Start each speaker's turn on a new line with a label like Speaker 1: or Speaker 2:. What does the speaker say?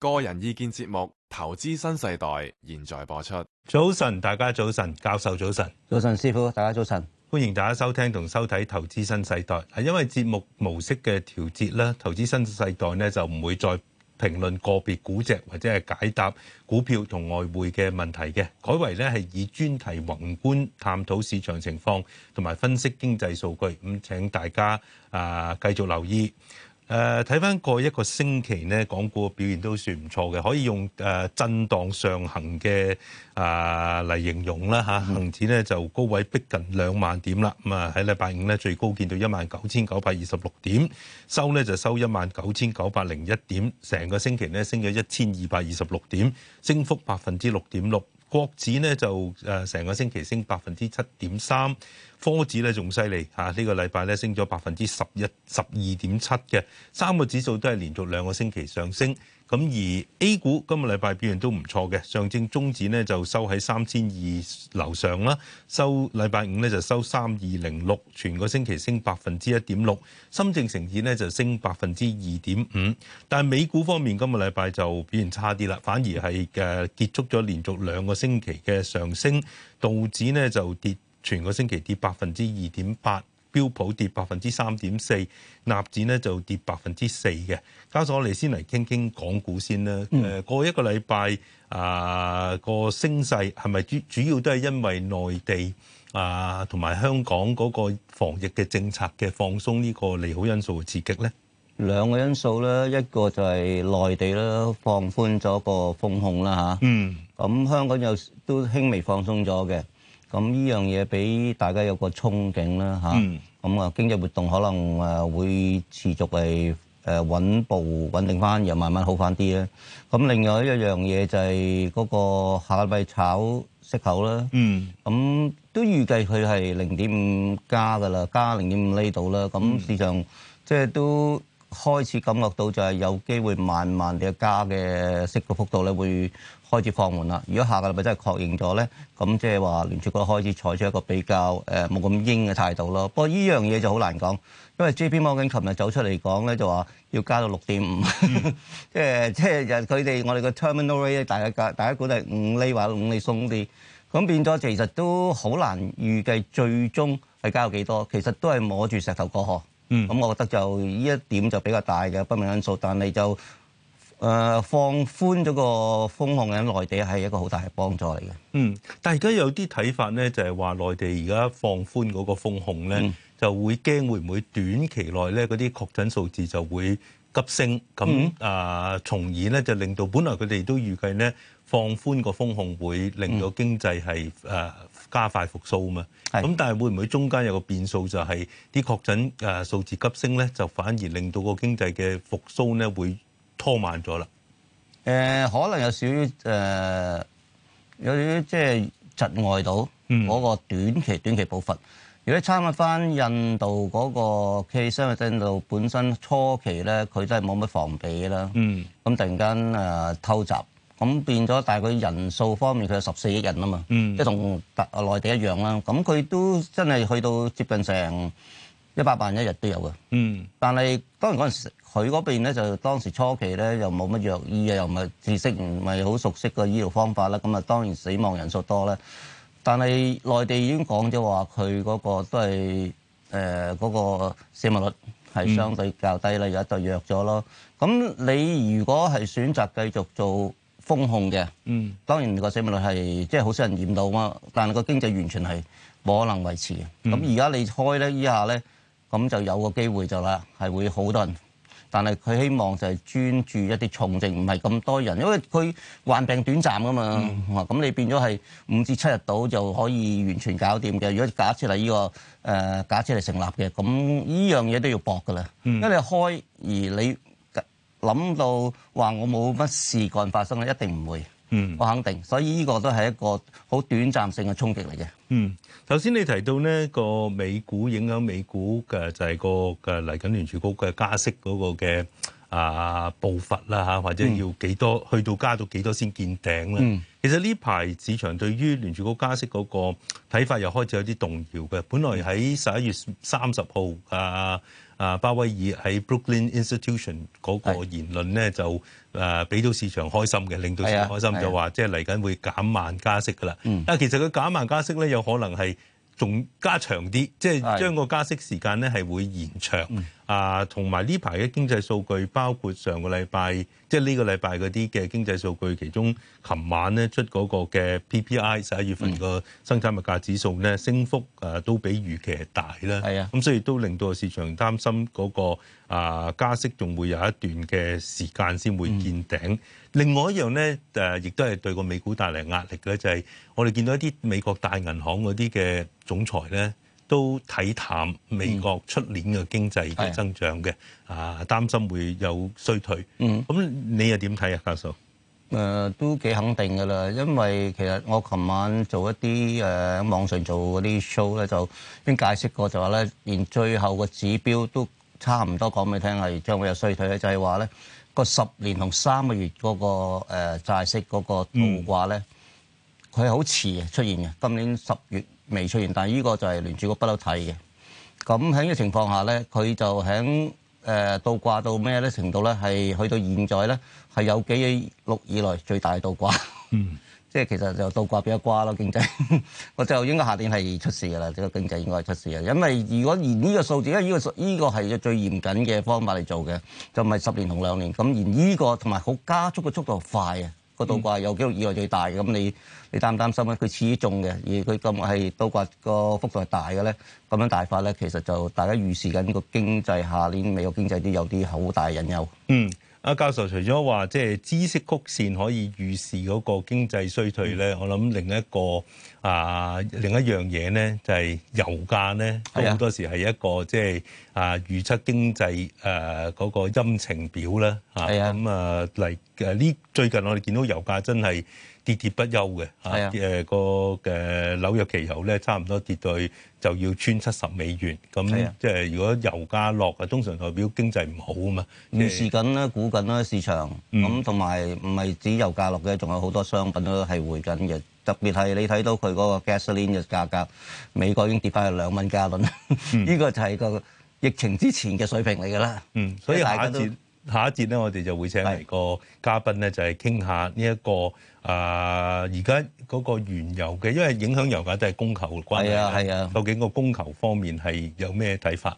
Speaker 1: 個人意見節目《投資新世代》現在播出。早晨，大家早晨，教授早晨，
Speaker 2: 早晨，師傅大家早晨，
Speaker 1: 歡迎大家收聽同收睇《投資新世代》。係因為節目模式嘅調節啦，《投資新世代》呢就唔會再評論個別估值或者係解答股票同外匯嘅問題嘅，改為呢係以專題宏觀探討市場情況同埋分析經濟數據。咁請大家啊繼續留意。誒睇翻過一個星期呢港股表現都算唔錯嘅，可以用誒震蕩上行嘅啊嚟形容啦嚇。恆指呢就高位逼近兩萬點啦，咁啊喺禮拜五呢最高見到一萬九千九百二十六點，收呢就收一萬九千九百零一點，成個星期呢升咗一千二百二十六點，升幅百分之六點六。國指呢就誒成個星期升百分之七點三。科指咧仲犀利吓，呢個禮拜咧升咗百分之十一十二點七嘅，三個指數都係連續兩個星期上升。咁而 A 股今個禮拜表現都唔錯嘅，上證綜指呢就收喺三千二樓上啦，收禮拜五呢就收三二零六，全個星期升百分之一點六。深證成指呢就升百分之二點五，但美股方面今個禮拜就表現差啲啦，反而係誒結束咗連續兩個星期嘅上升，道指呢就跌。.全個星期跌百分之二點八，標普跌百分之三點四，納指咧就跌百分之四嘅，加上我哋先嚟傾傾港股先啦。誒、嗯，過一個禮拜啊，個升勢係咪主主要都係因為內地啊同埋香港嗰個防疫嘅政策嘅放鬆呢
Speaker 2: 個利好因素嘅刺激咧？兩個因素咧，一個就係內地啦，放寬咗個封控啦嚇，咁、啊嗯、香港又都輕微放鬆咗嘅。咁呢樣嘢俾大家有個憧憬啦嚇，咁啊經濟活動可能誒會持續係誒穩步穩定翻，又慢慢好翻啲咧。咁另外一樣嘢就係嗰個下季炒息口啦，咁都預計佢係零點五加噶啦，加零點五厘度啦。咁市場即係都，開始感覺到就係有機會慢慢嘅加嘅息個幅度咧，會開始放緩啦。如果下個禮拜真係確認咗咧，咁即係話聯儲局開始採取一個比較誒冇咁鷹嘅態度咯。不過呢樣嘢就好難講，因為 JPMorgan 琴日走出嚟講咧，就話要加到六點五，即係即係佢哋我哋嘅 terminal rate，大家大家估計五厘或五厘鬆啲。咁變咗其實都好難預計最終係加到幾多，其實都係摸住石頭過河、那個。嗯，咁、嗯、我覺得就呢一點就比較大嘅不明因素，但係就、呃、放寬咗個封控喺內地係一個好大嘅幫助嚟嘅。嗯，但係而家有啲睇
Speaker 1: 法咧，就係話內地而家放寬嗰個封控咧，就會驚會唔會短期內咧嗰啲確診數字就會。急升咁啊，從而咧就令到本來佢哋都預計咧放寬個封控會令到經濟係誒加快復甦嘛。咁但係會唔會中間有個變數就係啲確診誒數字急升咧，就反而令到個經濟嘅復甦咧會拖慢咗啦？
Speaker 2: 誒，可能有少少誒，有啲即係。窒外島嗰、嗰個短期短期步伐，如果參加翻印度嗰個 case，因為印度本身初期咧，佢都係冇乜防備啦。咁、嗯、突然間誒、呃、偷襲，咁變咗，但係佢人數方面，佢有十四億人啊嘛，即係同內地一樣啦。咁佢都真係去到接近成一百萬一日都有嘅，嗯，但係當然嗰陣時佢嗰邊咧就當時初期咧又冇乜藥醫啊，又唔係知識唔係好熟悉個醫療方法啦，咁啊當然死亡人數多啦。但係內地已經講咗話，佢嗰個都係誒嗰個死亡率係相對較低啦，而家就弱咗咯。咁你如果係選擇繼續做封控嘅，嗯，當然個死亡率係即係好少人驗到啊嘛，但係個經濟完全係冇可能維持。咁而家你開咧依下咧。咁就有個機會就啦，係會好多人，但係佢希望就係專注一啲重症，唔係咁多人，因為佢患病短暫噶嘛。咁、嗯、你變咗係五至七日到就可以完全搞掂嘅。如果假設係呢、呢個、呃、假設係成立嘅，咁呢樣嘢都要搏噶啦。嗯、因為你開而你諗到話我冇乜事幹發生，一定唔會。嗯，我肯定，所以呢個都係一個好短暫性嘅衝擊嚟嘅。嗯，
Speaker 1: 頭先你提到呢個美股影響美股嘅，就係個嘅嚟緊聯儲局嘅加息嗰個嘅啊步伐啦嚇，或者要幾多、嗯、去到加到幾多先見頂咧？嗯其實呢排市場對於聯儲局加息嗰個睇法又開始有啲動搖嘅。本來喺十一月三十號啊啊鮑威爾喺 Brooklyn、ok、Institution 嗰個言論咧是就誒俾、啊、到市場開心嘅，令到市場開心就話即係嚟緊會減慢加息㗎啦。嗯、但其實佢減慢加息咧有可能係仲加長啲，即係將個加息時間咧係會延長。是嗯啊，同埋呢排嘅經濟數據，包括上個禮拜，即係呢個禮拜嗰啲嘅經濟數據，其中琴晚咧出嗰個嘅 PPI 十一月份個生產物價指數咧、嗯、升幅啊，都比預期係大啦。係是啊，咁所以都令到個市場擔心嗰個啊加息仲會有一段嘅時間先會見頂。另外一樣咧誒，亦都係對個美股帶嚟壓力咧，就係、是、我哋見到一啲美國大銀行嗰啲嘅總裁咧。都睇淡美國出年嘅經濟嘅增長嘅，嗯、啊擔心會有衰退。咁、嗯、你又點睇啊，教授？
Speaker 2: 誒、呃，都幾肯定㗎啦，因為其實我琴晚做一啲誒喺網上做嗰啲 show 咧，就已經解釋過就話咧，連最後個指標都差唔多講俾你聽係將會有衰退嘅，就係話咧個十年同三個月嗰、嗰個誒、呃、債息嗰個倒掛咧，佢係好、嗯、遲出現嘅，今年十月。未出現，但係呢個就係聯儲局不嬲睇嘅。咁喺呢個情況下咧，佢就喺誒、呃、倒掛到咩咧程度咧？係去到現在咧係有紀錄以來最大嘅倒掛。嗯，即係其實就倒掛變咗瓜咯，經濟。我就應該下年係出事㗎啦，呢個經濟應該係出事啊。因為如果連呢個數字，因為呢個呢個係最嚴謹嘅方法嚟做嘅，就唔係十年同兩年咁。而呢、呢個同埋好加速嘅速度快啊！個倒、嗯、掛有幾多？以外最大嘅咁，你你擔唔擔心咧？佢始終嘅，而佢咁係倒掛個幅度係大嘅咧，咁樣大法咧，其實就大家預示緊個經濟下年美國經濟都有啲好大隱憂。嗯。
Speaker 1: 阿教授除咗話即係孳息曲線可以預示嗰個經濟衰退咧，嗯、我諗另一個啊另一樣嘢咧就係、係、油價咧，都好多時係一個即係、就係、啊預測經濟誒嗰、啊嗰個陰晴表啦。係啊，咁啊嚟誒呢最近我哋見到油價真係。跌跌不休嘅，誒個誒紐約期油咧差唔多跌到去就要穿七十美元，咁即係如果油價落，
Speaker 2: 啊通常代表經濟唔好啊嘛。就是、預示緊啦，估緊啦市場，咁同埋唔係指油價落嘅，仲有好多商品都係回緊嘅。特別係你睇到佢嗰個 gasoline 嘅價格，美國已經跌翻去兩蚊加侖，呢個就係個疫情之前嘅水平嚟㗎啦。嗯，所以係。
Speaker 1: 下一節咧，我哋就會請嚟個嘉賓咧、這個，就係傾下呢一個啊，而家嗰個原油嘅，因為影響油價都係供求關係，啊係啊，究竟個供求方面係有咩睇法？